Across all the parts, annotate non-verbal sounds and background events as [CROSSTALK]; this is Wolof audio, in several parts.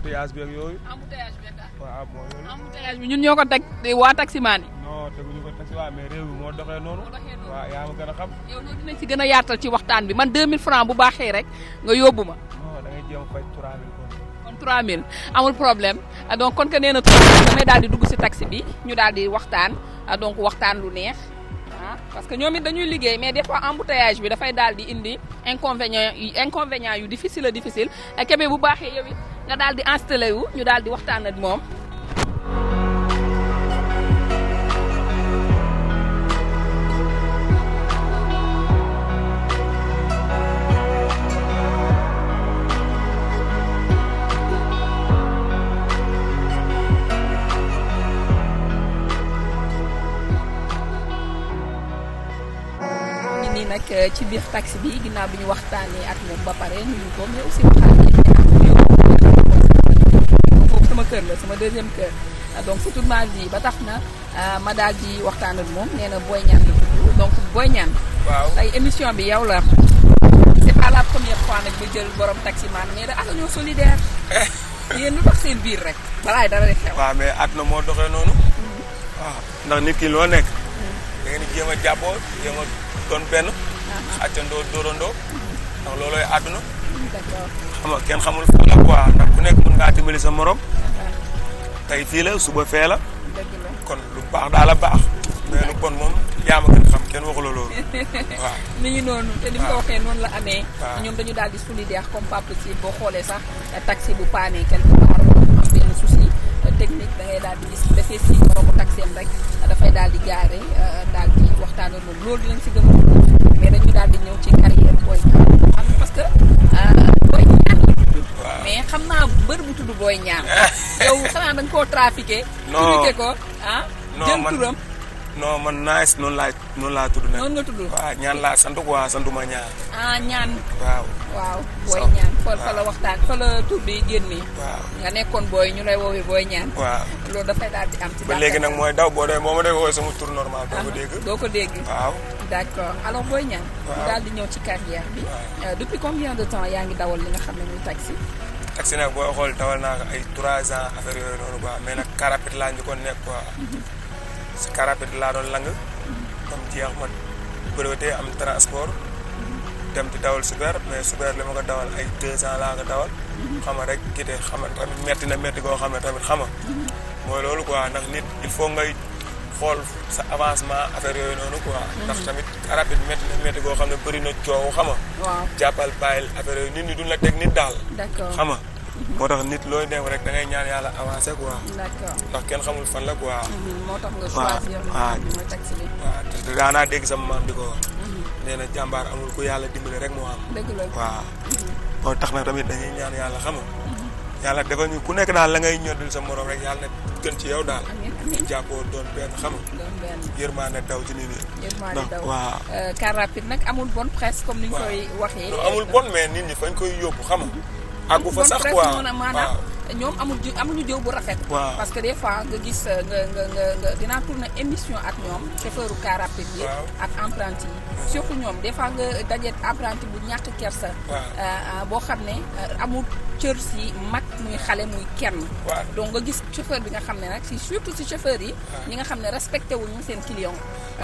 embouteillage bi yooyu. embouteillage bi waaw ah, ñun ñoo ko teg waa taximaan yi. non teguñu ko taxi waaw mais réew mi moo doxee noonu. waaw yaa ma gën a xam. si gën a yaatal ci waxtaan bi man 2000 francs bu baaxee rek nga yóbbu ma. non da ngay jéem fay amul problème ah, donc kon que nee na 3000 damay daal di dugg si taxi bi ñu daal di waxtaan ah, donc waxtaan lu neex. parce que ñoom it dañuy liggéey mais des fois embouteillage bi dafay daal di indi inconvénient inconvénient yu difficile a difficile kebe bu baaxee nga daal di installé wu ñu daal waxtaan ak moom. nag euh, ci biir taxi bi ginnaaw bi ñu waxtaanee ak moom ba pare nuyu ko mais aussi waxtaan sama kër la sama kër ah, donc c'est toute ma vie ba tax na ah, ma daal di waxtaan moom nee Boy Niang la donc Boy Niang waaw tey émission bi yow la c'est pas première fois nag ba jël borom taximan mais ah, da ak ñoo solidaire [LAUGHS] yéen lu tax seen biir rek balaay dara di xew waaw mais at na moo doxee noonu mm-hmm. ndax nit ki loo nekk mm-hmm. da ngeen di jàppoo jéem doon benn uh-huh. àccandoo dóorandoo mm-hmm. ndax loolooy àdduna xam nga kenn xamul fan la ndax ku nekk mën ngaa dimbali tey fii la suba fee la kon lu baax daal a baax mais lu bon moom yaa ma kenn waxula loolu [LAUGHS] waaw noonu te ni nga waxee noonu la amee ñoom dañu daal di solidaire comme pas possible boo xoolee sax taxi bu paanee quelque part am benn souci euh, technique da ngay di gis dafay si boromu taxi am rek dafay daal di gaare euh, daal di waxtaan ak moom loolu dinañ si gën a mais dañu daal di ñëw ci carrière point parce que euh, mais xam naa mbër bu tudd booy ñaan. [LAUGHS] yow xanaa dañ koo trafiqué. non trafiqué ko ah. jël turam non noonu laa noonu laa tudd. noonu nga tudd waaw ñaan laa sant ko waaw santuma ñaan. ah ñaan. waaw waaw. booy ñaan fa fa la waxtaan fa nekkoon booy ñu lay woowee booy ñaan. waaw loolu dafay daal di am. ci ba léegi nag mooy daw boo demee moo ma doon woowee sama tur normal. doo ah, ko dégg doo ko dégg. waaw d'accord alors booy ñaan. waaw daal di ñëw ci carrière bi. Euh, depuis combien de temps yaa ngi dawal li nga xam ne muy taxi. taxi nag boo xool dawal naa ko ay trois ans affaire yooyu noonu quoi mais nag car rapide laa njëkkoon nekk quoi si car laa doon lang comme jeex ma breveté am transport dem ti dawal super mais super li ma ko dawal ay deux ans laa ko dawal xama rek gite xama tamit metti na metti goo xam ne tamit xama mooy loolu quoi ndax nit il faut ngay xool sa avancement affaire yooyu noonu quoi. ndax tamit arab it métti na xam ne bëri na coow xama waaw jàppal bàyyil affaire yooyu nit ñi du la teg nit daal. d'accord xama moo tax nit looy new rek da ngay ñaan yàlla avancé quoi. d'accord ndax kenn xamul fan la quoi. Mhm. moo tax nga choisir waaw daanaa di ko wax. Mhm. nee na jàmbaar amul ku yàlla dimbale rek mhm. moo am. tax nag tamit dañuy ñaan yàlla xama yàlla dafa ñu ku nekk daal la ngay ñoddul sa morom rek yàlla na gën ci yow daal. amiin jàppoo doon benn xam nga. doon benn yërmaane ci nit ñi. yërmaane taw waaw. Euh, car rapide nag amul bonne presse comme ni ñu koy. waxee amul bon mais nit ñi fañ koy yóbbu xam nga. fa sax quoi waaw ñoom amul ji amuñu jëw bu rafet. parce que des fois nga gis euh, nga nga nga dinaa émission ak ñoom chauffeur car rapide yi. ak apprenti surtout ñoom des fois nga dajeet apprenti bu ñàkk kersa. Euh, boo xam ne amul cër muy xale muy kenn donc nga gis chauffeur bi nga xam ne nag si surtout si chauffeur yi ñi nga xam ne respecté ñu seen client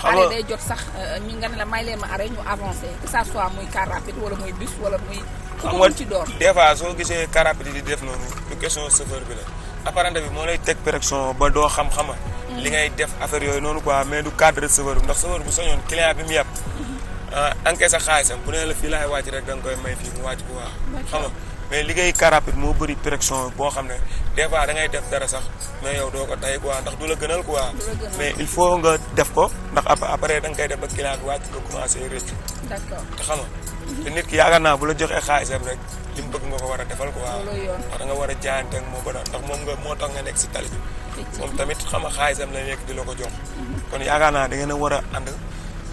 arrêt ah day jot sax euh, ñu nga ne la may leen ma arrêt ñu avancé que ça soit muy car rapide wala muy bus wala muy ku ko ah, ci door des fois soo gisee car rapide di def noonu du question chauffeur bi la apparenté bi moo lay teg pression ba doo xam-xama mm. li ngay def affaire yooyu noonu quoi mais du cadre chauffeur bi ndax chauffeur bu soñoon client bi mu yàpp mm-hmm. ah, encaisse sa xaalisam bu ne la fii da koy may fii mu wàcc bu waax xam mais liggéey car rapide moo bëri direction boo xam ne des fois da ngay def dara sax mais yow doo ko tay quoi ndax du la gënal quoi. mais il faut nga def ko ndax après da nga koy def ba client bi wàcc nga commencé rëcc. d'accord te xam nga te nit ki yaakaar naa bu la joxee xaalisam rek li mu bëgg ko war a defal quoi. ndax da nga war a jaayante ak moom ba moom nga moo tax nga nekk si tali bi. tamit xam nga xaalisam la nekk di la ko jox. Mhm. kon yaakaar naa da ngeen a war a ànd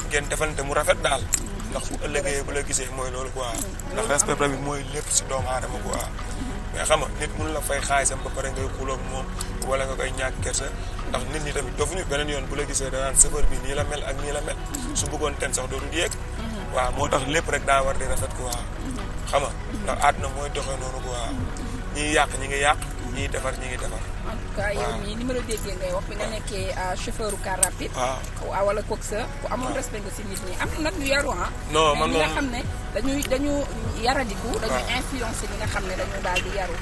ngeen defalante mu rafet daal. ndax su ëllëgee bu la gisee mooy loolu quoi ndax respect tamit mooy lépp si doomu aadama quoi mais xam nga nit mun la fay xaalisam ba pare ngay xuloog wala nga koy ñàkk kersa ndax nit ñi tamit dofuñu beneen yoon bu la gisee danaan sëfër bi nii la mel ak nii la mel su bëggoon sax dootul yéeg waaw moo tax lépp rek daa war di rafet quoi xam nga ndax àdduna mooy doxee noonu quoi ñiy yàq ñi ngi yàq ñiy defar ñi ngi defar en tout cas yow mii ni ma la déggee ngay wax bi nga nekkee euh, chauffeur car rapide. waaw ah. ah, wala coxeur ku amoon ah. respect nga si nit ñi am nag ñu yaru ah. non man moom nga xam ne dañuy dañu yaradiku. dañuy influencer ñi nga xam ne dañu daal di yaru.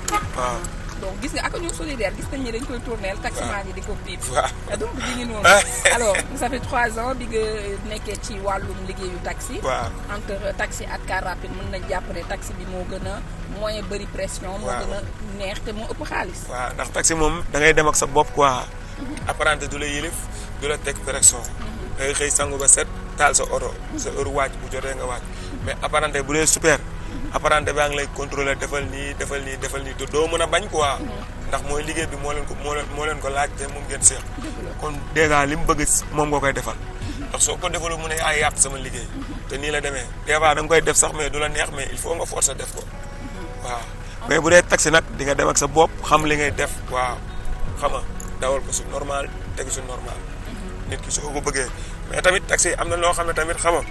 donc gis nga ak ñu solidaire gis nañ ne dañ koy tourneel taximan yi di ko biib ah, donc di ngi noonu [LAUGHS] alors ça fait trois ans bi nga nekkee ci wàllum liggéeyu taxi entre taxi ak car rapide mën nañ jàpp ne taxi bi moo gën a moyen bëri pression moo gën a neex te moo ëpp xaalis waaw ndax taxi moom da ngay dem ak sa bopp quoi mhm. apprenti du la yilif du la teg pression mhm. da ngay xëy sangu ba set taal sa oto mhm. sa heure wàcc bu jotee nga wàcc mais apprenti bu dee super apprenti baa ngi lay contrôler defal nii defal nii defal nii te doo mën a bañ quoi. ndax mooy liggéey bi moo leen ko moo leen moo leen ko laaj te moom ngeen seex kon dèjà li mu bëgg moom nga koy defal ndax soo ko defaloo mu ne ay ah, yàq sama liggéey te nii la demee des fois danga koy def sax mais du la neex mais il faut nga a def ko waaw mais bu dee taxi nag di nga dem ak sa bopp xam li ngay def waaw xam nga dawal ko su normal teg su normal nit ki soo ko bëggee mais tamit taxi am na loo xam ne tamit xam nga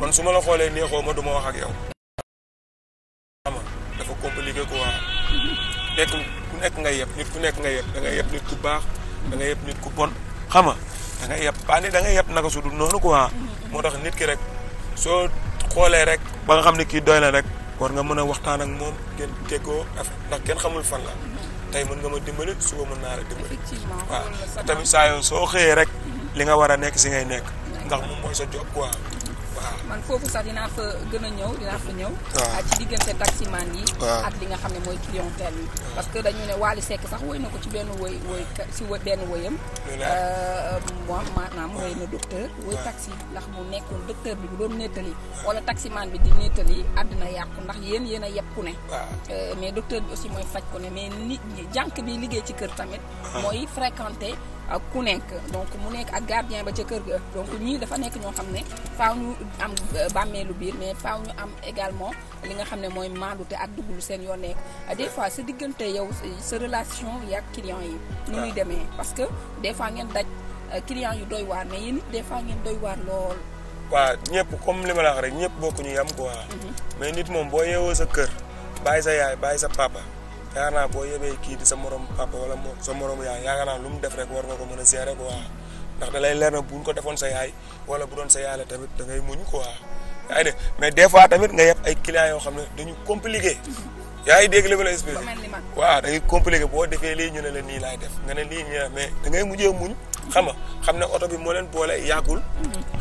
man su ma la xoolee neexoo ma du wax ak yow nekk nga nekk ngay yeb nit ku nekk ngay yeb da ngay yeb nit ku baax da ngay yeb nit ku bon xam nga da ngay yeb ba ni da ngay yeb naka su dul noonu moo tax nit ki rek soo xoolee rek ba nga xam ne kii doy na rek war nga mën a waxtaan ak moom ngeen déggoo affaire ndax kenn xamul fan la tey mën nga ma dimbali suba mën naa la dimbali waaw tamit saa yoo soo xëyee rek li nga war a nekk si ngay nekk ndax moom mooy sa job quoi man foofu sax dinaa fa gën a ñëw dinaa fa ñëw. ci diggante taximan yi. ak li nga xam ne mooy clientèle yi. parce que dañu ne waali sekk sax woy na ko ci benn woy woy si benn woyam. Euh, moom maanaam woy na docteur. woy taxi ndax mu nekkoon docteur bi bu doon nettali. wala taximan bi di nettali àddina yàqu ndax yéen yéen a yeb ku ne. Euh, mais docteur bi aussi mooy faj ko ne mais nit ñi jànk bi liggéey ci kër tamit. Ah. mooy fréquenter. ak ku nekk donc mu nekk ak gardien ba ca kër ga donc ñii dafa nekk ñoo xam ne faaw ñu am euh, bàmmeelu biir mais faaw ñu am également li nga xam ne mooy maandute ak dugg lu seen yoo nekk ah, des fois sa diggante yow sa relation yak client yi ni muy ah. demee parce que des fois ngeen daj euh, client yu doy waar mais yéen it des fois ngeen doy waar lool waa ñëpp comme li ma la wax rek ñëpp bokkuñu yam quoi mm-hmm. mais nit moom boo yeewoo sa kër bàyyi sa yaay bàyyi sa papa yaakaar boo yemee kii di sa morom papa wala sa morom yaay yaakaar naa lu mu def rek war nga ko mën a gérer quoi ndax da lay leer na buñ ko defoon sa yaay wala bu doon sa yaay tamit da ngay muñ quoi yaa ngi dégg mais des fois tamit nga yeb ay clients yoo xam ne dañu compliqué yaa ngi dégg li ma la expliqué waaw da ngay boo defee lii ñu ne la nii laay def nga ne lii ñu ne mais da ngay mujjee muñ xam nga xam ne oto bi moo leen boole yàggul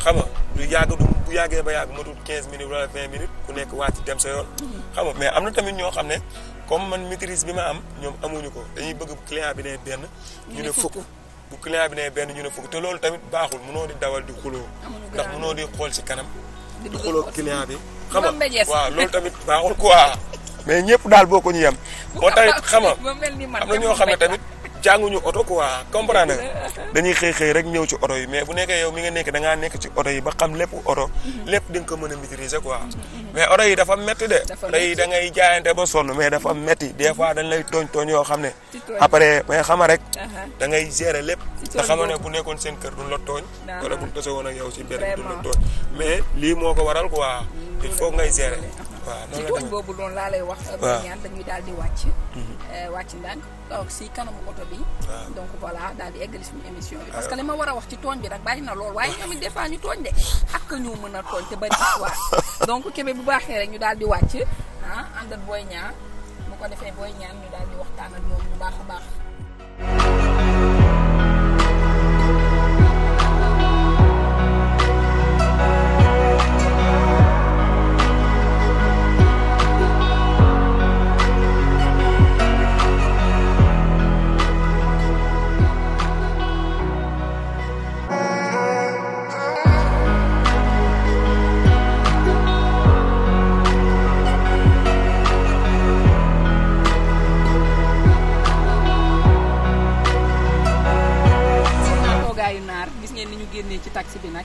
xam nga du yàgg du bu yàggee ba yàgg matul 15 minutes wala 20 minutes ku nekk wàcc dem sa yoon mm-hmm. xam nga mais am na tamit ñoo xam ne comme man maîtrise bi ma am ñoom amuñu ko dañuy bëgg bu client bi ne benn ñu ne fukk bu client bi ne benn ñu ne fukk te loolu tamit baaxul munoo di dawal di xuloo ndax munoo di xool ci kanam di xuloo client bi xam nga waaw loolu tamit baaxul quoi [LAUGHS] mais ñëpp daal boo ko ñu yem [LAUGHS] moo tax xama am na ñoo xam ne tamit ñu oto quoi comprendre dañuy xëy xëy rek ñëw ci oto yi mais bu nekkee yow mi nga nekk da ngaa nekk ci oto yi ba xam lépp oto lépp di nga ko mën a maîtriser quoi mais oto yi dafa metti de oto yi da ngay jaayante ba sonn mais dafa metti des fois dañ lay tooñ tooñ yoo xam ne après mais xama rek uh-huh. dangay ngay gérer lépp te xama ne bu nekkoon seen kër duñ la tooñ wala buñ tase woon ak yow si mbedd duñ la tooñ mais lii moo ko waral quoi il faut ngay gérer mm-hmm. waaw ci tooñ boobu laa lay wax ñaan dañuy daal di wàcc mm-hmm. Euh, wàcc ndànk toog si kanamu oto bi. donc voilà daal di eggali suñu émission bi. parce que li ma war a wax ci tooñ bi nag bari na lool waaye ñoom it des fois ñu tooñ de ak ñu mën a tooñ te bari histoire [LAUGHS] donc kebe bu baaxee rek ñu daal di wàcc ah àndal booy ñaar bu ko defee booy ñaar ñu daal di waxtaan ak moom bu baax a baax.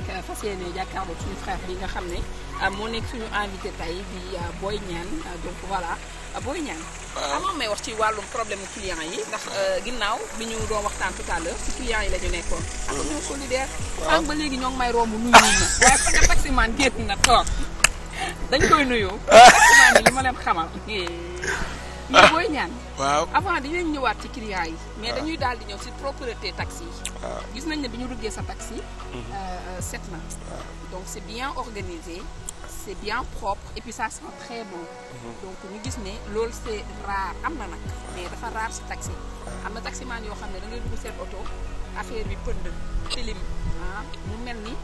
Euh, fas yéene jàkkaarloo suñu frère bi nga xam ne euh, moo nekk suñu invité tey di euh, Boy Niang donc voilà booy Niang. waaw amoon may wax ci wàllum problème mu client yi ndax ginnaaw bi ñu doon waxtaan tout ci client yi la ñu nekkoon. Mm-hmm. ak ñoo solidaire. waaw ba léegi ñoo ngi may romb nuyu nañ ma. waaye parce que taximaan génn na toog dañ koy nuyoo. [LAUGHS] taximaan yi li ma leen xamal. mais booy ñaan. waaw avant dinañ ñëwaat ci client yi. mais dañuy daal di ñëw si propriété taxi yi. gis nañ ne bi ñu duggee sa taxi. Mhm. Euh, set na. donc c' est bien organisé. c' est bien propre et puis très bon. Mhm. donc ñu gis ne loolu c' est am na nag mais dafa rare si taxi. am na taximaan yoo xam ne da ngay dugg seen oto bi pënd tilim ah, mu mel ni.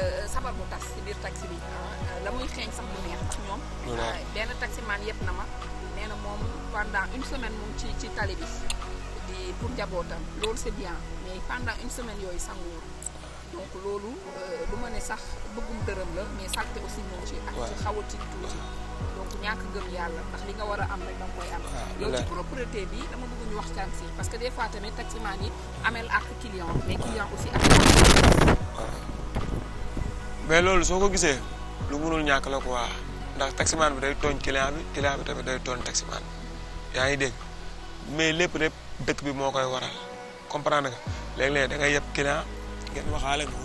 Euh, sabar bu tas si biir taxi bi ah, la muy xeeñ sax mu neex ndax ñoom ah, benn taximaan yëpp na ma moom pendant une semaine moom ci ci tali bi di pour njabootam loolu c'est bien mais pendant une semaine yooyu sanguwul donc loolu euh, du ma ne sax bëggum dërëm la mais salte aussi moom ci ak ci xaw a tiit tuuti donc ñàkk gëm yàlla ndax li nga war a am rek da nga koy am ah, loolu ci propreté bi dama bëgg wax waxtaan parce que des fois tamit taximan yi amel ak client mais loolu soo ko gisee lu mënul ñàkk la quoi ndax taximaan bi day tooñ client bi client bi tamit day tooñ taximaan bi yaa ngi dégg mais lépp lépp dëkk bi moo koy waral comprendre nga léeg-léeg da ngay yeb client waxaale ko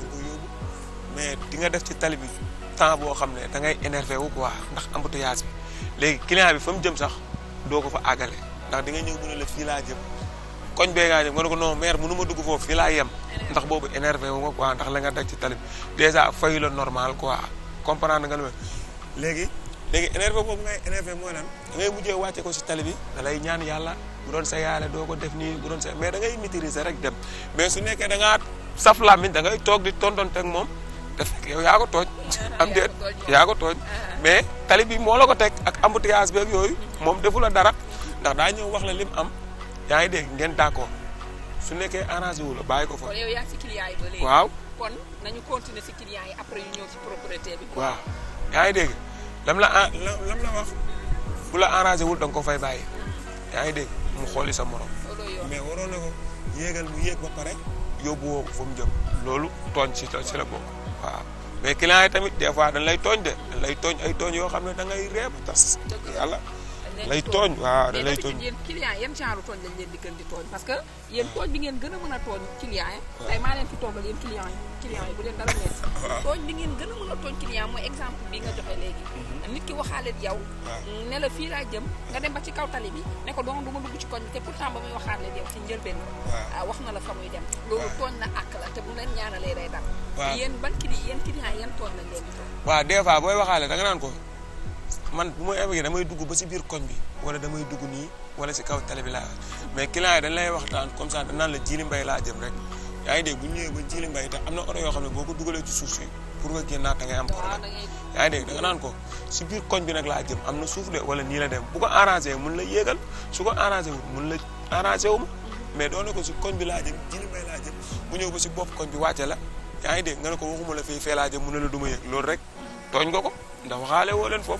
mais di def ci tali bi temps boo xam ne da ngay énervé wu quoi ndax embouteillage léegi client bi fa mu jëm sax doo ko fa àggale ndax di nga ñëw mu ne la fii laa jëm koñ bee ngaa jëm nga ne ko non maire mënu ma dugg foofu fii laa yem ndax boobu énervé wu nga waa ndax la nga daj ci tali bi dèjà fayu la normal quoi comprendre nga lu léegi léegi énervé boobu ngay énervé mooy lan da ngay mujjee wàcce ko si tali bi lay ñaan yàlla bu doon sa yaale doo ko def nii bu doon sa mais da ngay maîtriser rek dem mais su nekkee da ngaa saf làmmiñ da toog di tontonte ak moom def yow yaa ko tooñ [LAUGHS] am déet yaa ko mais tali bi moo la ko teg ak embouteillage beeg yooyu moom defu la dara ndax daa ñëw wax la lim am yaa ngi dégg ngeen d'accord su nekkee arrangé wu la bàyyi ko fa. yow yaa waaw. yaa ngi dégg lam la lam la wax bu la arrangé wul da nga ko fay bàyyi yaa ngi dégg mu xooli sa morom. mais waroon na ko yéegal mu yéeg ba pare yóbbu woo ko fa mu jëm. loolu tooñ si si la bokk waaw mais client yi tamit des fois dañ lay tooñ de dañ lay tooñ ay tooñ yoo xam ne da ngay reeb tas yàlla. lay tooñ waaw da lay tooñ mais yéen client yan genre tooñ lañ leen di gën di tooñ parce que ah. yéen tooñ bi ngeen gën a mën a tooñ client yi ah. tey maa leen fi toogal yéen client yi client yi bu leen ah. a mën a tooñ mooy exemple bi nga joxe léegi mhm. nit ki waxaaleen yow ne la fii laa jëm nga dem ba ci kaw tali bi ne ko doon du ma dugg ci koñ bi te pourtant ba muy waxaaleen yow ci njëlbeen wax na la fa bu leen ñaanalee day dal yéen ban client yéen client yan tooñ lañ fois booy waxaale da naan ko man bu may amee damay dugg ba si biir koñ bi wala damay dugg nii wala si kaw tali bi mais client yi dañ lay waxtaan comme ça dañ la Djily Mbaye laa jëm rek yaa ngi dégg bu ñëwee ba Djily Mbaye te am na oto yoo xam ne boo ko dugalee ci suuf si pour nga génnaat da ngay am problème ah, yaa da nga naan ko si biir koñ bi nag laa jëm am na suuf wala nii la dem bu ko arrangé mun la yéegal su ko arrangé wul mun la arrangé wu mais doone ko si koñ bi laa jëm Djily Mbaye bu ñëw ba si bopp koñ bi wàcce la yaa ngi dégg nga ne ko waxuma la fii fee laa jëm mun na la du ma yëg loolu rek tooñ nga ko ndax waxaale woo leen foofu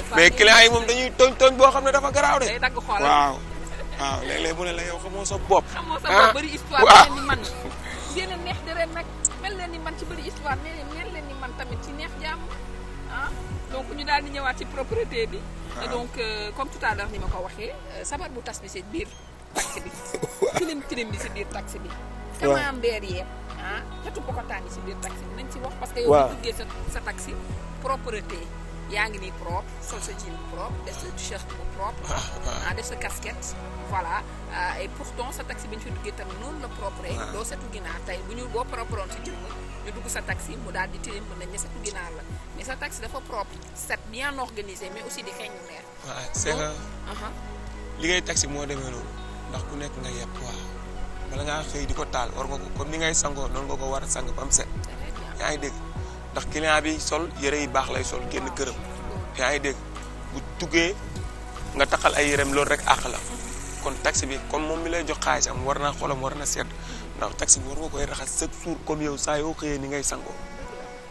mais clients yi moom dañuy tooñ tooñ boo xam ne dafa garaaw de. waaw waaw léeg-léeg mu ne la yow xamoo sa bopp. xamoo sa bopp bëri histoire ah. mel a neex de leen man ci bëri histoire man tamit ci neex jàmm ah. donc ñu daal di ñëwaat ci propriété bi. Ah. donc euh, comme tout à ni ma ko waxee euh, sabar bu tas bi si biir taxi bi. waaw [LAUGHS] tilim tilim bi si biir taxi bi. waaw damaa am beer yeeg ah jotu ko ko tàngi si biir taxi bi nañ ci wax. parce que yow bu sa sa taxi yaa ngi nii propre sol sa jean bu propre def sa t-shirt bu propre ah, ah. ah def sa casquette voilà ah, et pourtant sa taxi bi ñu fi duggee tam noonu la propre doo setu ginaar tey bu ñu boo propreoon sa jëmm ñu dugg sa daal di tilim mën nañ ne setu ginaar la mais sa taxi dafa propre set bien organisé mais aussi di xeeñ mu neex waaw c'est que uh-huh. liggéey taxi moo demee noonu ndax ku nekk nga yepp waaw bala ngaa xëy di ko taal war nga ko comme ni ngay sangoo noonu nga ko war a sang ba mu set yaa ngi ndax client bi sol yëre yi baax lay sol génn këram yaa ngi dégg bu tuggee nga taxal ay yëreem loolu rek àq la kon taxi bi comme moom mi lay jox xaalis war naa xolam war na seet ndax taxi war nga koy raxas chaque jour comme yow saa yoo xëyee ni ngay sangoo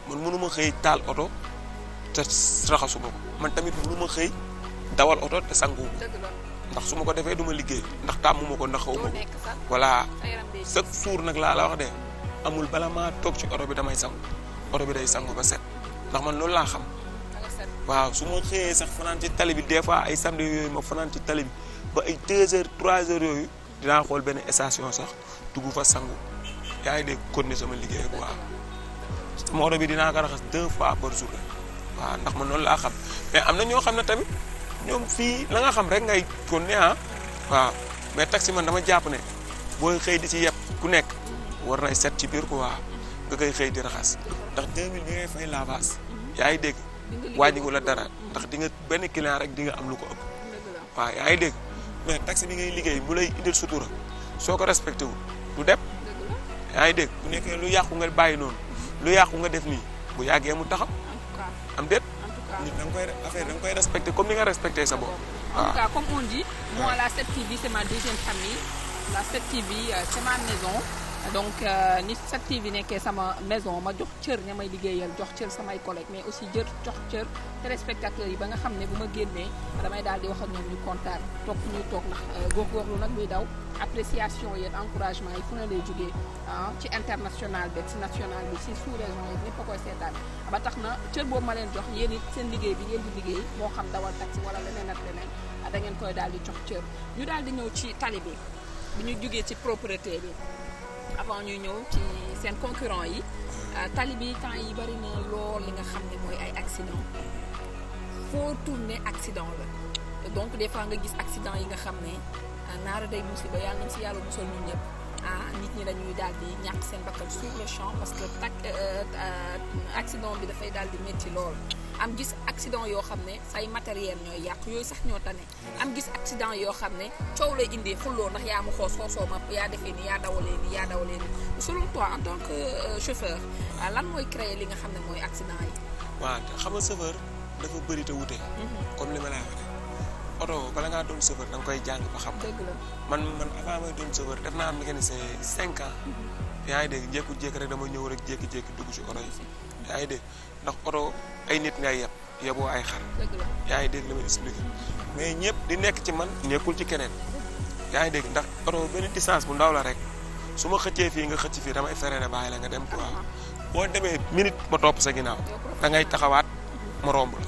man mënuma xëy taal oto te man tamit mënuma xëy dawal oto te sangoo ndax su ma ko defee du ma liggéey ndax tàmmuma ko ndax xaw ma ko voilà chaque jour nag laa la wax de amul bala maa toog ci oto bi damay sangu oto bi day sangu ba set ndax man loolu laa xam waaw su ma xëyee sax fanaan ci tali bi des fois ay samedi yooyu ma fanaan ci tali bi ba ay deux heures trois heures yooyu dinaa xool benn station sax dugg fa sangu yaa ngi dégg continuer sama liggéey bu waaw sama oto bi dinaa ko raxas deux fois par jour waaw ndax man loolu laa xam mais am na ñoo xam ne tamit ñoom fii la nga xam rek ngay continuer ah waaw mais si man dama jàpp ne booy xëy di si yeb ku nekk war nay set ci biir quoi nga koy xëy di raxas ndax 2000 bi ngay fay lavage mhm. yaa dégg wàññi ko la dara ndax di nga benn client rek di nga am lu ko ëpp waaw yaa ngi dégg mhm. mais taxe bi ngay liggéey bu lay indil sutura soo ko respecté wu du dem yaa dégg bu nekkee lu yàqu nga bàyyi noonu mhm. lu yàqu nga def nii bu yàggee mu taxaw am déet nit da koy affaire danga koy respecté comme ni nga respecté sa bopp en tout cas comme on dit moi la 7TV c'est ma famille la 7TV euh, c'est maison donc euh, ni 7TV nekkee sama maison ma jox cër ña may liggéeyal jox cër samay collègues mais aussi jër jox cër téléspectateurs yi ba nga xam ne bu ma génnee damay daal di wax ak ñoom ñu kontaan toog ñuy toog ndax euh, góorgóorlu nag muy daw appréciation yeeg encouragement yi fu na lay jógee ah ci international bi ci national bi ci sous région yi ñëpp a koy seetaan ba tax na cër boobu ma leen jox yéen it seen liggéey bi ngeen di liggéey moo xam dawal taxi wala leneen ak leneen da ngeen koy daal di jox cër ñu daal di ñëw ci tali bi bi ñu jógee ci propriété bi. avant ñuy ñëw ci seen concurrent yi euh, tali bi temps yi bari na lool yi nga xam ne mooy ay accident foo tourné accident la donc des fois nga gis accident yi nga xam ne euh, naara day musiba yàlla nañ si yàlla musal ñun ñëpp. ah nit ñi dañuy daal di ñàkk seen bakkan sur parce que tak euh, euh, accident bi dafay daal di métti lool. am gis accident yoo xam ne say matériel ñooy yàq yooyu sax ñoo tane am gis accident yoo xam ne coow lay indee xulloo ndax yaa ma xoos xoosoo ma yaa defee ni yaa dawalee ni yaa dawalee ni selon toi en tant que euh, chauffeur ah, lan mooy créer li nga xam ne mooy accident yi. waaw xam nga chauffeur dafa bëri te wute. Mhm. comme li ma la waxee oto bala ngaa doon chauffeur da nga koy jàng ba xam. man man avant may doon chauffeur def naa am mécanicien cinq ans. yaa ngi dégg jékku-jékki rek dama ñëw rek jékki-jékki dugg ci oto yi. yaa ngi dégg ndax oto ay nit ngay yeb yeboo ay xar. yaa ngi dégg li ma expliqué mais ñëpp di nekk ci man nekkul ci keneen. yaa ngi dégg ndax oto benn distance bu ndaw la rek su ma xëccee fii nga xëcc fii damay feree ne bàyyi la nga dem quoi boo demee minute ma topp sa ginnaaw dangay taxawaat ma romb la.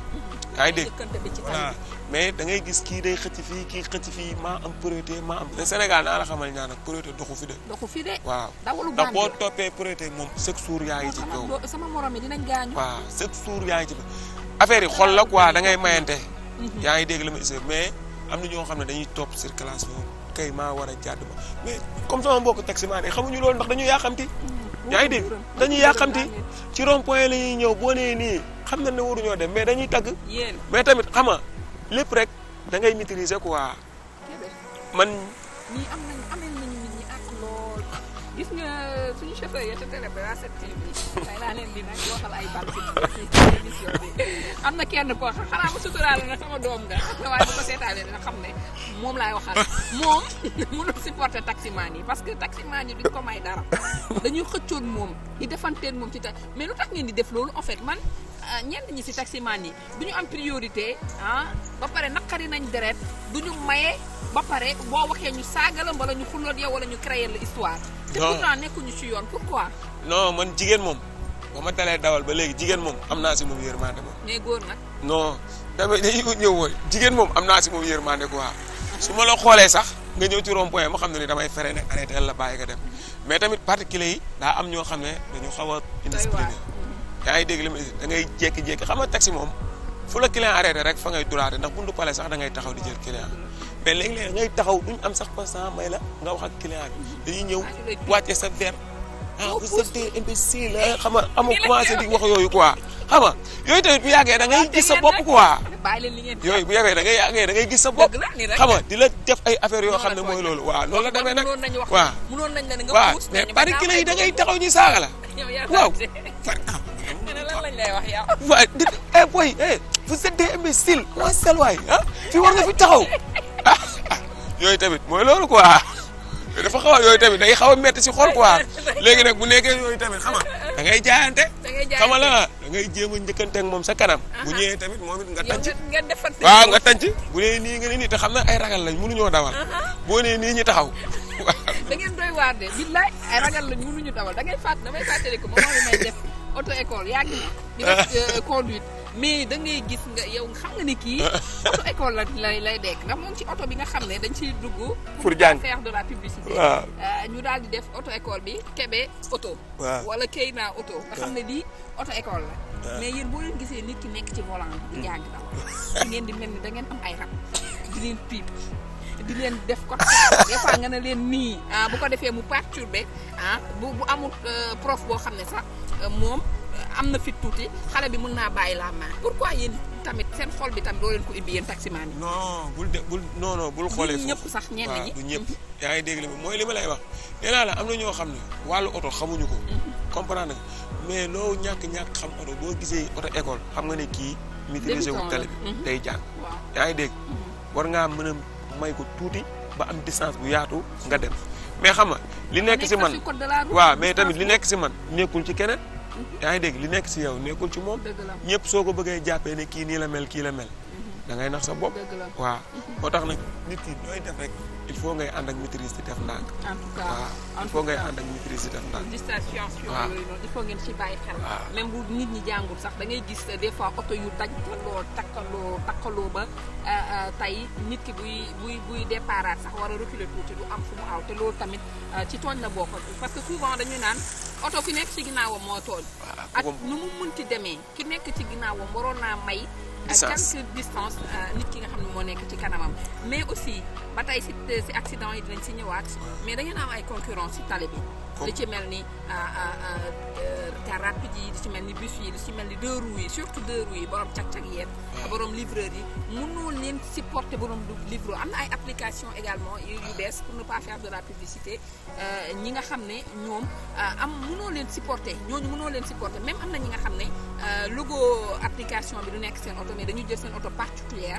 yaa ngi dégg voilà mais dangay gis kii day xëcc fii kii xëcc fii maa am priorité maa am te Sénégal naa la xamal ñaa nag priorité doxu fi de. doxu fi de waaw ndax boo toppee priorité moom chaque jour yaa ngi ci kaw sama morom yi dinañ gaañu waaw chaque ngi ci affaire yi xol la quoi da ngay mayante mhm. yaa ngi dégg la ma issue mais am na ñoo xam ne dañuy topp circulation kay maa war a jàdd ma mais comme sama mbokk taximaan yi xamuñu loolu ndax dañuy yàqamti mm. yaa ngi dégg dañuy yàqamti ci rond point la ñuy ñëw boo nee nii xam nañ ne waruñoo dem mais dañuy tagg. mais tamit xam nga lépp rek da ngay maîtriser quoi. man. ñii am nañ am nañ gis nga suñu chauffeur yi te télé bi waa 7TV am na kenn koo xam xanaa ma suturaal na sama doom nga xam ne waaye bu xam ne moom laay waxal moom [LAUGHS] mënul supporter taximaan yi parce que taximaan yi duñ ko may dara dañuy xëccoon moom di defanteen moom ci tax mais lu tax ngeen def loolu en fait man ah, ñi si taximaan yi du ñu am priorité ah ba pare naqari nañ deret du ñu maye ba pare boo waxee ñu saaga la wala ñu xulloot yow wala ñu créer la histoire te ci yoon pourquoi. man jigéen moom ba ma dalee dawal ba léegi jigéen moom am naa si moom yërmande moom. mais góor nag. non damay dañuy ñëw mooy jigéen moom am naa si moom yërmande quoi su ma la xoolee sax nga ñëw ci rond point ma xam ne ni damay fere ne arrêté la bàyyi nga dem mais tamit particulier yi daa am ñoo xam ne dañu xaw a indiscipliné yaa ngi dégg li ma da ngay jékki-jékki xam nga taxi moom fu la client arrêté rek fa ngay duraate ndax bundu pale sax da ngay taxaw di jël client mais léeg-léeg ngay taxaw duñ am sax a may la nga wax ak client bi ñëw wàcce sa verre ah vous êtes des imbéciles xam nga amoo commencé wax yooyu quoi xam nga yooyu tamit bu yàggee na ngay gis sa bopp quoi yooyu bu yàggee da ngay yàggee da gis sa bopp xam nga di la def ay affaires yoo xam ne mooy loolu waaw loolu la demee nag waaw waaw mais bari ki yi da ngay taxaw ñu saaga la [LAUGHS] waaw ah, [LAUGHS] waaw di eh boy eh vous êtes des imbéciles waay sel waay ah fi war nga fi taxaw [LAUGHS] yooyu tamit mooy loolu quoi dafa xaw a yooyu tamit day xaw a métti si xol quoi [LAUGHS] léegi nag bu nekkee yooyu tamit xam nga da ngay jaayante. da ngay jaayante xam nga jéem a njëkkante moom sa kanam. bu ñëwee tamit moom it nga tànc. nga defar waaw nga tànc. bu nee nii nga ne nii te xam na ay ragal lañ mënuñoo dawal. boo nee nii ñu taxaw. [LAUGHS] da ngeen doy waar de billaay ay ragal lañ da ngay fàtt damay ko ba moom may [LAUGHS] mais da ngay gis nga yow xam nga ni kii. auto [LAUGHS] école la lay lay dekk ndax moom ci oto bi nga xam ne dañ ciy dugg. pour jàng de la publicité. Euh, ñu daal di def auto école bi kebe auto. waaw wala Keyna auto. nga xam ne di auto école la. mais yéen boo leen gisee nit ki nekk ci volant bi. di hmm. jàng daal [LAUGHS] ngeen di mel ni da ngeen am ay rab di leen piip. di leen def ko des fois nga ne leen nii ah, bu ko defee mu perturbé ah bu bu amul euh, prof boo xam ne sax euh, moom. am na fit tuuti xale bi mën naa bàyyi la ma pourquoi yéen tamit seen xol bi tam doo leen ko indi yéen si yi. non bul de bul non bul. xoolee sax ñenn ñi du mhm. mooy li ma lay wax nee am na ñoo xam ne wàllu oto xamuñu ko. Mhm. comprendre nga ñàkk ñàkk xam oto boo gisee oto école xam nga ne kii. maîtriser wu tali yaa ngi dégg mhm. war ngaa mën a ko tuuti ba am distance bu yaatu nga dem mais xam nga li nekk si man waaw mais tamit li nekk si man nekkul ci keneen yaa ngi dégg li nekk si yow nekkul ci moom. ñëpp soo ko bëggee jàppee ne kii nii la mel kii la mel. da ngay nax sa bopp. waaw moo tax nag nit ki doy def rek il faut ngay ànd ak maîtrise di def ndànk. en tout cas waaw il faut ngay ànd ak maîtrise di def ndànk. il faut ngeen bàyyi xel. même nit ñi jàngul sax da ngay gis des fois oto yu daj loo takkaloo takkaloo ba euh, euh, tey nit ki buy buy buy déparaat sax war a reculer tuuti du am fu mu aw te loolu tamit euh, ci tooñ la bokk parce que souvent dañuy naan. oto ki nekk ci ginnaawam moo tooñ ak nu mu munti demee ki nekk ci ginnaawam waroon naa may distance quelques distance euh, nit ki nga xam ne moo nekk ci kanamam mais aussi ba tey si si yi dinañ si ñëwaat mais da ngeen am ay concurrence si tali bi. li ci mel ni ah, ah, ah, euh, car rapide yi li ci mel ni bus yi li ci mel ni deux roues yi surtout deux roues yi borom cag-cag yeeg borom livreur yi mënoo leen supporter borom livreur am na ay application également yu bees pour ne pas faire de la publicité euh, ñi nga xam ne ñoom euh, am mënoo leen supporter ñooñu mënoo leen supporter même am na ñi nga xam ne logo application bi du nekk seen oto mais dañu jël seen oto particulière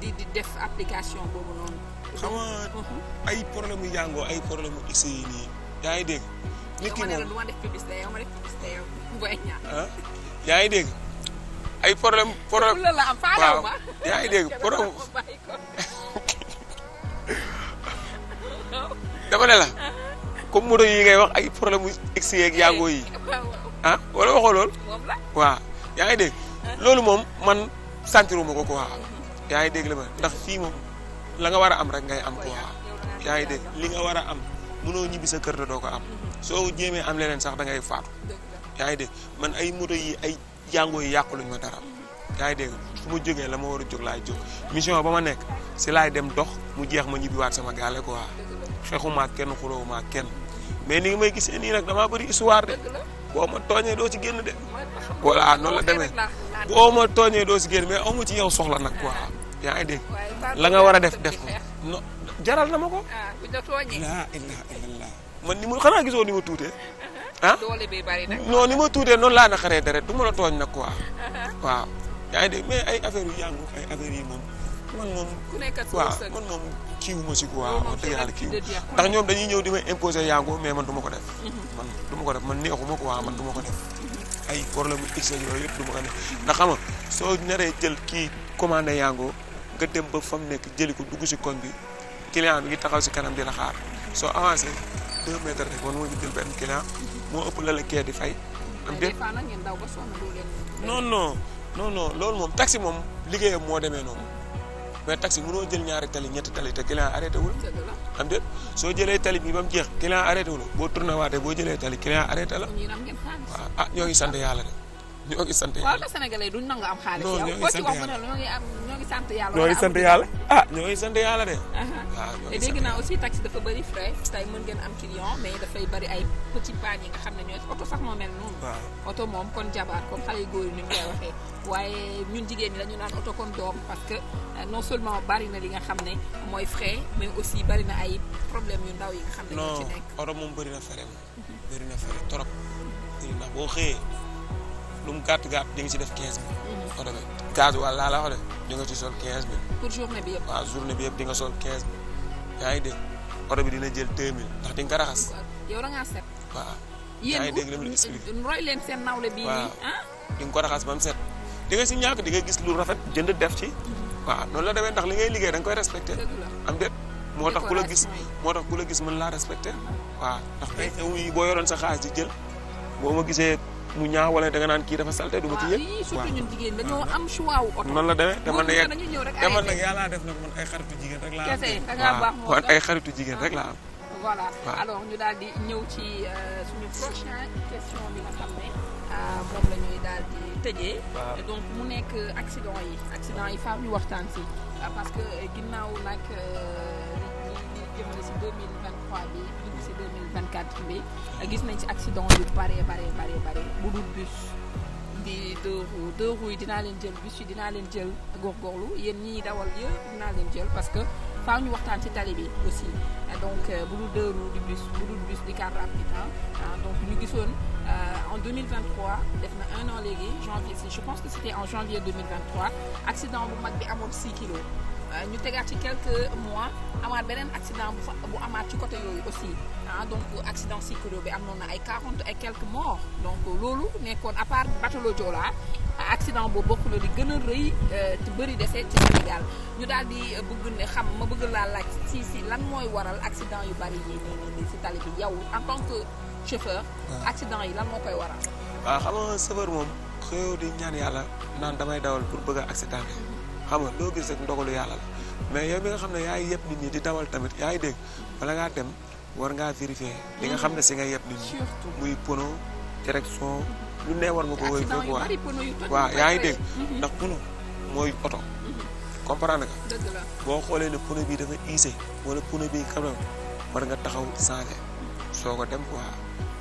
di di def application boobu noonu xam mhm. ay problème yu jàngoo ay problème yaa ngi dégg. nit yi moom ma ah, yaa ngi dégg ay problème problème waaw yaa ngi dégg problème [LAUGHS] moto yi ngay wax ay problème mu excès yeeg yaago yi [LAUGHS] ah wala waxoo lool. waaw yaa ngi dégg. Ah. loolu moom man santiruma ko quoi. yaa ngi dégg la ma ndax fii moom la nga war a am rek ngay am quoi. yaa ngi dégg li nga war a am. mënoo ñibbi sa kër te doo ko am soo jéemee am leneen sax da ngay faatu yaa ngi dégg man ay moto yi ay jàngoo yi yàquluñ ma dara yaa ngi dégg fu ma jógee la ma war a jóg laay jóg mission ba ma nekk si laay dem dox mu jeex ma ñibbiwaat sama gaale quoi xeexumaa kenn xulowumaa kenn mais ni ngi may gisee nii nag damaa bëri histoire boo ma tooñee doo ci génn de voilà noonu la demee boo ma tooñee doo ci génn mais ci yow soxla nag quoi yaa ngi dégg la nga war a def def ko [LAUGHS] jaral na ma ko. ah buñ la tooñee. laa ilaaha illallah man ni ma xanaa gisoo ni ma tuutee. Uh-huh. ah doole bi bari nag. ni ma tuutee noonu laa naqaree deret du ma la tooñ nag ko uh-huh. waaw yaa ngi dégg mais ay affaire yu yàngu ay affaire yi moom. man moom waaw man moom kiiwu ma si ko wax dëgg yàlla kiiw ndax ñoom dañuy ñëw di may imposer yàngu mais man du ma ko def. Mm-hmm. man du ma ko def man neexuma man du ko def. ay problème mu x yooyu yëpp du ma ko def ndax xam nga soo naree jël kii commander yàngu nga dem ba fa mu nekk jëli ko dugg si koñ bi. client bi ngi taxaw si kanam di la xaar soo avancé deux mètres rek man moo ñu jël benn client moo ëpp la la kee di fay. am déet non non non non loolu moom taxi moom liggéeyam moo demee noonu mais taxi mënoo jël ñaari tali ñetti tali te client arrêté wul. am déet soo jëlee tali bi ba mu jeex client arrêté wul boo tourné waatee boo jëlee tali client arrêté la. waaw ah, ah ñoo ngi sant yàlla de. ñoo ngi sant yàlla waaw la sénégalais duñ nangu am xaalis yow ko ci wax mu ne ñoo ngi am ñoo ngi sant yàlla ñoo ngi sant yàlla ah ñoo ngi sant yàlla de waaw uh-huh. ah, te dégg naa aussi taxi dafa bëri frais tey mën ngeen am client mais dafay bëri ay petit paan yi nga xam ne ñooy oto sax moo mel noonu oto moom kon jabaar comme xale yu góor yi ni ñu koy waxee waaye ñun jigéen ñi dañu naan oto comme doom parce que euh, non seulement bari na li nga xam ne mooy frais mais aussi bari na ay problème yu ndaw yi nga xam ne ñoo ci nekk oto moom bëri na frais moom mm-hmm. bëri na frais trop mm-hmm. bëri na boo xëyee lu mu gàtt gàtt di nga ci def 15000. oto bi gaz wala laa la wax de di ci sol quinze pour journée bi yëpp. waaw journée bi yëpp di nga sol 15000. yaa ngi dégg oto bi dina jël 2000 ndax di ko raxas. yow da set. waaw yaa ngi dégg li mu leen seen nawle bii ah? di nga ko raxas ba set. di nga si ñàkk di nga gis lu rafet jënd def ci. Mhm. waaw noonu la demee ndax li ngay liggéey da nga koy respecté. am déet moo tax ku la gis moo tax ku la gis mën laa respecté. waaw ndax ay yi boo yoroon sa xaalis di jël boo ma gisee mu ñaaw wala da naan kii dafa salte du ma ci yëg. dañoo am choix oto. noonu la demee te nag te man def nag man ay xaritu jigéen rek laa am. kese da jigéen rek laa ñu daal ñëw ci euh, suñu prochaine question bi nga xam ne euh, moom la ñuy daal donc mu nekk euh, accident yi. accident yi faaw ñu waxtaan si. parce que ginnaaw nag ñu jëmale si 2020. 2023 bi dugg si 2024 bi gis nañ si accident bi bare bare bare bare bu dul bus di deux roues deux yi dinaa leen jël bus yi dinaa leen jël góorgóorlu yéen ñii dawal yëpp dinaa leen jël parce que faaw ñu waxtaan ci tali bi aussi donc euh, bu dul deux roues di bus bu dul bus di car rapide ah, donc ñu gisoon euh, en 2023 def na un an léegi janvier si je pense que c'était en janvier 2023 accident bu mag bi amoon 6 kilos Euh, ñu tegaat ci quelques mois amaat beneen accident bu fa bu amaat ci côté yooyu aussi ah donc accident cyclo bi amoon na ay quarante et quelques morts donc loolu nekkoon à part Batolo Joola ah, accident boobu bokk na di gën a rëy te euh, bëri dese ci Sénégal ñu daal di euh, bëgg ne xam ma bëgg laa laaj si si lan mooy waral accident yu bari yi nii nii si tali bi yow en tant que chauffeur. Ah. accident yi lan moo koy waral. waaw ah, xam nga chauffeur moom xëyoo di ñaan yàlla naan damay dawal pour bëgg a xam nga doo gis rek ndogalu yàlla la mais yow bi nga xam ne yaay yëpp nit ñi di dawal tamit yaay dégg wala ngaa dem war ngaa vérifier li nga xam ne si nga yëpp nit ñi muy pono direction lu ne war nga ko wéy fekk waa waaw yaa ngi dégg mhm. ndax pono mooy oto mhm. comprendre nga boo xoolee ne pono bi dafa iise wala pono bi xam war nga taxaw changé soo ko dem quoi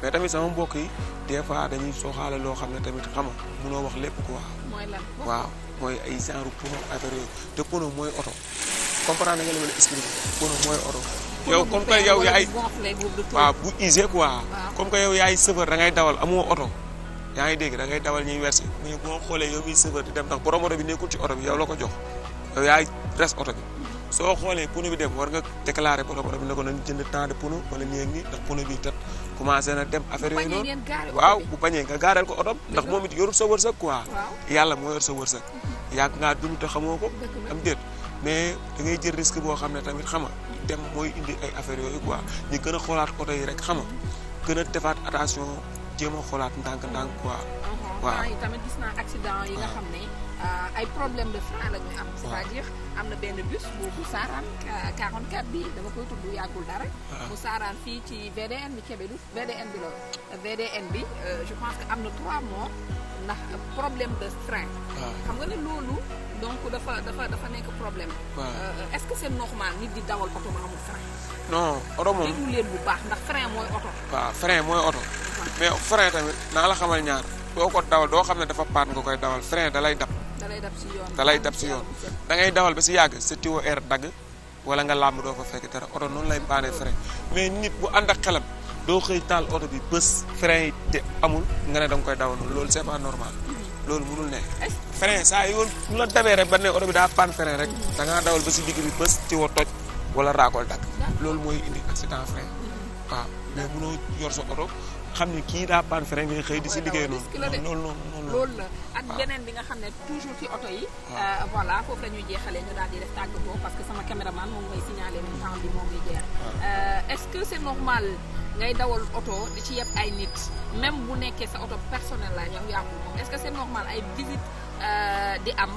mais tamit sama mbokk yi des fois dañuy sooxaale loo xam ne tamit xam nga munoo wax lépp quoi mooy lan waaw mooy ay genre pono affaire yooyu te pono mooy oto comprendre nga li ma la expliqué pono mooy oto. yow comme que yow yaay waaw que yow yaay sëfër da ngay dawal amoo oto. yaa ngi dégg da ngay dawal ñuy versé mais boo xoolee yow miy sëfër di dem ndax borom oto bi nekkul ci oto bi yow la ko jox yow yaay res oto bi. soo xoolee pono bi dem war nga déclaré borom oto bi ne ko nañ jënd temps de pono wala nii ak nii ndax pono bi tat commencé na dem affaire yooyu noonu waaw bu bañee nga gaaral ko otom ndax moom it yorul sa wërsëg quoi yàlla moo yor sa wërsëg yàgg ngaa dund te xamoo ko am déet mais da ngay jël risque boo xam ne tamit xama dem mooy indi ay affaire yooyu quoi ñu gën a xoolaat oto yi rek xama gën a defaat attention jéem a xoolaat ndànk-ndànk quoi uh-huh. waaw Euh, ay problème de frein la ñuy am. cest à am na benn bus bu bu Saaraan 44 euh, bi dama koy tudd yàggul dara. Ah. mu Saaraan fii ci VDN bi Kébédu VDN bi la euh, je pense que am na 3 mois ndax problème de frein. Ah. xam nga ne loolu donc dafa dafa nekk problème. est-ce que c'est normal nit di dawal oto ba amul frein. non oto moom déglu bu baax ndax frein mooy oto. waaw frein mooy oto. mais frein tamit naa la xamal ñaar boo ko dawal doo xam ne dafa paat nga koy dawal frein da lay dab. talay dab si yoon talay dab si yoon da ngay dawal ba si yàgg sa tiwo air dagg wala nga làmb doo fa fekk dara oto noonu lay baane frein mais nit bu ànd ak xelam doo xëy taal oto bi bës frein yi te amul nga ne da nga koy dawal loolu c'est pas normal loolu mënul nekk frein saa yoon bu la dabee rek ba ne oto bi daa pan frein rek da ngaa dawal ba si digg bi bés tiwo toj wala raakol dagg loolu mooy indi accident frein waaw mais mënoo yor sa oto xam ni kii daa paan frein ngay xëy di si liggéey noonu loolu noonu loolu la ak beneen bi nga xam ne toujours ci oto yi ah. euh, voilà foofu la ñuy jeexalee ñu daal di def tàggatoo parce que sama caméraman moom ngay signalé mu temps bi moom ngi jeex ah. euh, est-ce que c'est normal ngay dawal oto di ci yeb ay nit même bu nekkee sa oto personnel la yow yaa ko moom est-ce que c'est normal ay visite euh, di am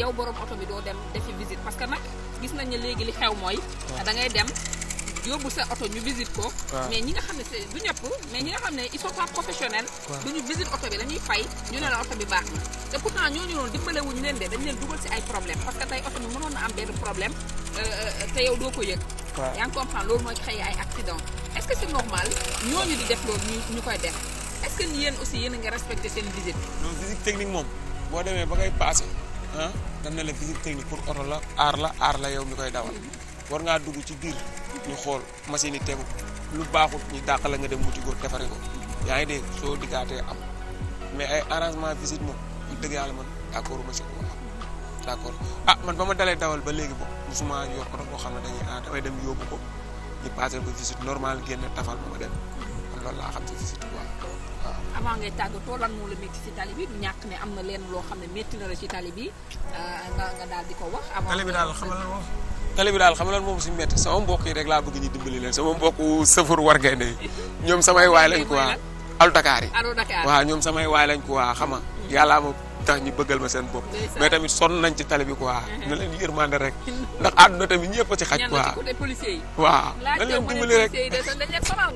yow borom oto bi doo dem defi visite parce que nag gis nañ ne léegi li xew mooy ah. da ngay dem yóbbu sa oto ñu visite ko. mais ñi nga xam ne du ñëpp mais ñi nga xam ne ils sont pas professionnels. du ñu visite oto bi dañuy fay ñu ne la oto bi baax na. te pourtant ñooñu noonu dimbale wuñu leen de dañu leen dugal si ay problème parce que tey oto bi mënoon na am benn problème euh, euh, te yow doo ko yëg. waaw yaa ngi comprendre loolu mooy xëy ay accident est-ce que c'est normal ñooñu di def loolu ñu ñu koy def est-ce que yéen aussi yéen a ngi respecté seen visite. non visite technique moom boo demee ba ngay passé ah dam na la visite technique pour oto la aar la aar la yow mi koy dawal mm-hmm. war ngaa dugg ci biir. ñu xool machine yi tegu lu baaxut ñu dàq la nga dem wuti ko defare ko yaa ngi dégg soo diggaatee am mais ay arrangement visite moom wax dëgg yàlla man d' accord ma si ko wax d' accord ah man ba ma dalee dawal ba léegi bo musuma yor oto boo xam ne dañuy ah damay dem yóbbu ko ñu passé ko visite normal génn tafal ba ma dem man loolu laa xam si visite quoi waaw. avant ngay tàggatoo tool moo la métti si tali bi ñàkk ne am na lenn loo xam ne metti na la si tali bi euh, nga nga di ko wax. avant tali bi daal tali bi daal xam nga lan moom suñu métti sama mbokk yi rek laa bëgg ñu dimbali leen sama mbokku sëfur war ngay ne ñoom samay waay lañ quoi alu Dakar yi waaw ñoom samay waay lañ quoi xam yàllaa ma tax ñu bëggal ma seen bopp mais tamit son nañ ci tali bi quoi [LAUGHS] na leen yërmande rek [LAUGHS] ndax àdduna tamit ñëpp a ci xaj quoi waaw na leen dimbali rek dañ leen sonal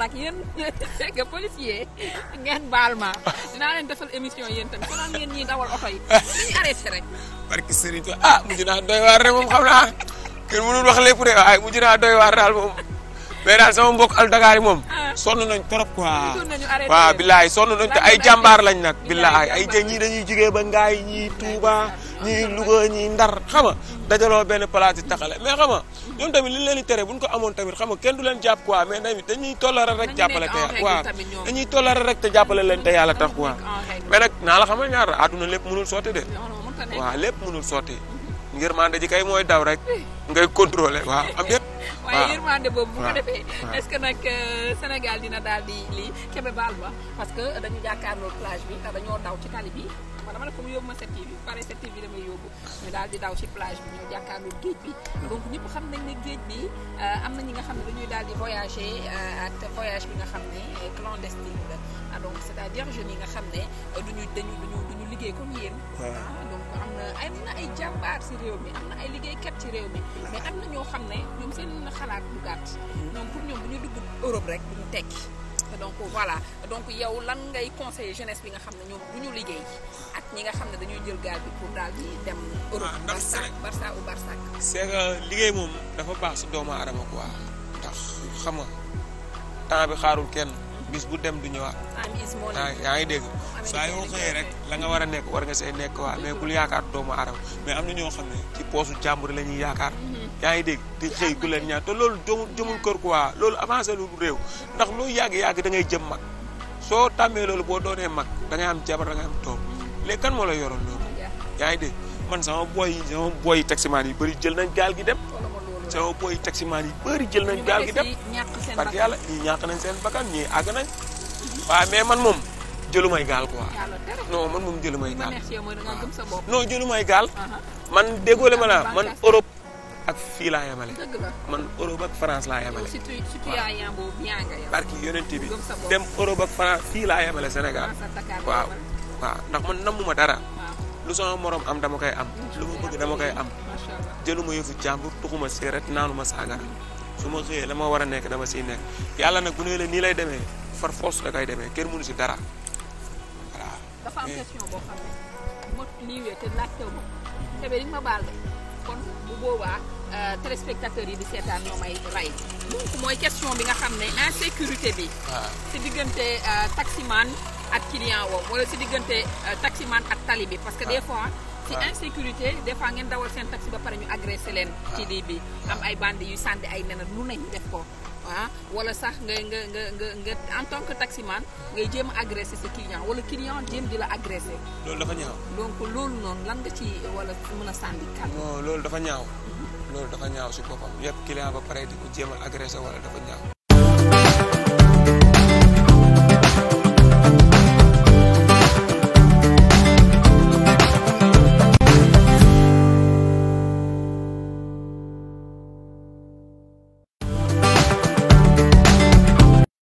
[LAUGHS] ah mujj naa doy waar rek moom xam naa kenn mënul wax lépp de waaye mujj naa doy waar daal moom mais daal sama mbokk al Dakar yi moom. sonn nañ trop quoi. waaw billaay sonn nañ te ay jàmbaar lañ nag. billaay ay ja ñii dañuy jugee ba ngaay ñii Touba ñii Louga ñii Ndar xam nga dajaloo benn place di taxale mais xam nga ñoom tamit li leen di tere bu ñu ko amoon tamit xam nga kenn du leen jàpp quoi mais tamit dañuy tollare rek jàppale te waaw dañuy tollare rek te jàppale leen te yàlla tax quoi mais nag naa la xamal ñaar àdduna lépp mënul sotti de waaw lépp mënul sotti yërmande ji mooy daw rek ngay contrôler waaw am waaye yërmande boobu bu ko defee est-ce que nag euh, Sénégal dina daal di lii Kébé baal ma parce que dañu jàkkaarloo plage bi te dañoo daw ci tali bi. ma dama ne ko mu yóbbu bi 7TV pare 7TV yóbbu ñu daal di daw ci plage bi ñu jàkkaarloo bi ñëpp xam nañ ne géej bi euh, am na ñi nga xam ne dañuy daal di voyager euh, ak voyage bi nga xam ne clandestine la ah, donc c'est-à-dire jeunes nga xam ne euh, duñu dañu liggéey comme yéen ah, donc am na ay jàmbaar ci réew mi am na ay liggéeykat ci réew mi mais am na ñoo xam ne ñoom seen xalaat bu gàtt ñoom hmm. pour ñoom bu ñu dugg Europe rek duñu tekki donc voilà donc yow lan ngay conseiller jeunesse bi nga xam ne ñoom du ñu liggéey ak ñi nga xam ne dañuy jël gaal bi pour daal di dem. Europe ah, Barça Barça ou liggéey moom dafa baax si doomu aadama quoi ndax xam nga temps bi xaarul kenn mhm. bis bu dem du ñëwaat. Ah, yaa ngi dégg saa yoo xëyee rek la nga war a nekk war nga see nekk waa mais bul yaakaar doomu aadama mais am na ñoo xam ne ci poosu jàmbur la ñuy yaakaar. Mhm. yaa ngi dégg di xëy du leen ñaan te loolu jëmul jëmul kër quoi loolu avancé lu réew ndax loo yàgg-yàgg dangay jëm mag soo tàmmee loolu boo doonee mag dangay am jabar da am toog lekkan kan moo la yoroon loolu yaa ngi dégg man sama boy yi sama boy yi yi bëri jël nañ gaal gi dem sama boy yi taximaan yi bëri jël nañ gaal gi dem parce que yàlla ñii ñàkk nañ seen bakkan ñii àgg nañ waaw mais man moom jëlumay gaal quoi non man moom jëlumay gaal non jëlumay gaal uh-huh. man déggoole ma la man Europe ak fii laa yemale. man Europe ak France laa yemale. surtout surtout yaa bi dem Europe ak France fii laa yemale Sénégal. waaw ndax man nammuma dara. lu sama morom am dama koy am. lu ma bëgg dama koy am. jëluma yëfu jàmbur tuxuma séeréet naanuma saagara. su ma xëyee la ma war a nekk dama siy nekk yàlla nag bu ne nii lay demee far force la koy demee kenn mënu si dara Euh, téléspectateurs yi di seetaan ñoo may rey donc mooy question bi nga xam ne insécurité bi ah. si diggante euh, taximan ak client wo wala si diggante euh, taximan ak tali bi parce que des ah. fois ci ah. insécurité des fois ngeen dawal seen taxi ba pare ñu agressé leen ci lii bi am ay bandi yu sànni ay nena lu nañ def ko ah wala sax nga nga nga nga nga en tant que taximaan ngay jéem a agressé sa client wala client jéem di la agressé loolu dafa ñaaw donc loolu noonu lan nga ci wala mën a sànni loolu dafa ñaaw loolu dafa ñaaw si boppam yëpp client ba pare di ko jéem a agressé wala dafa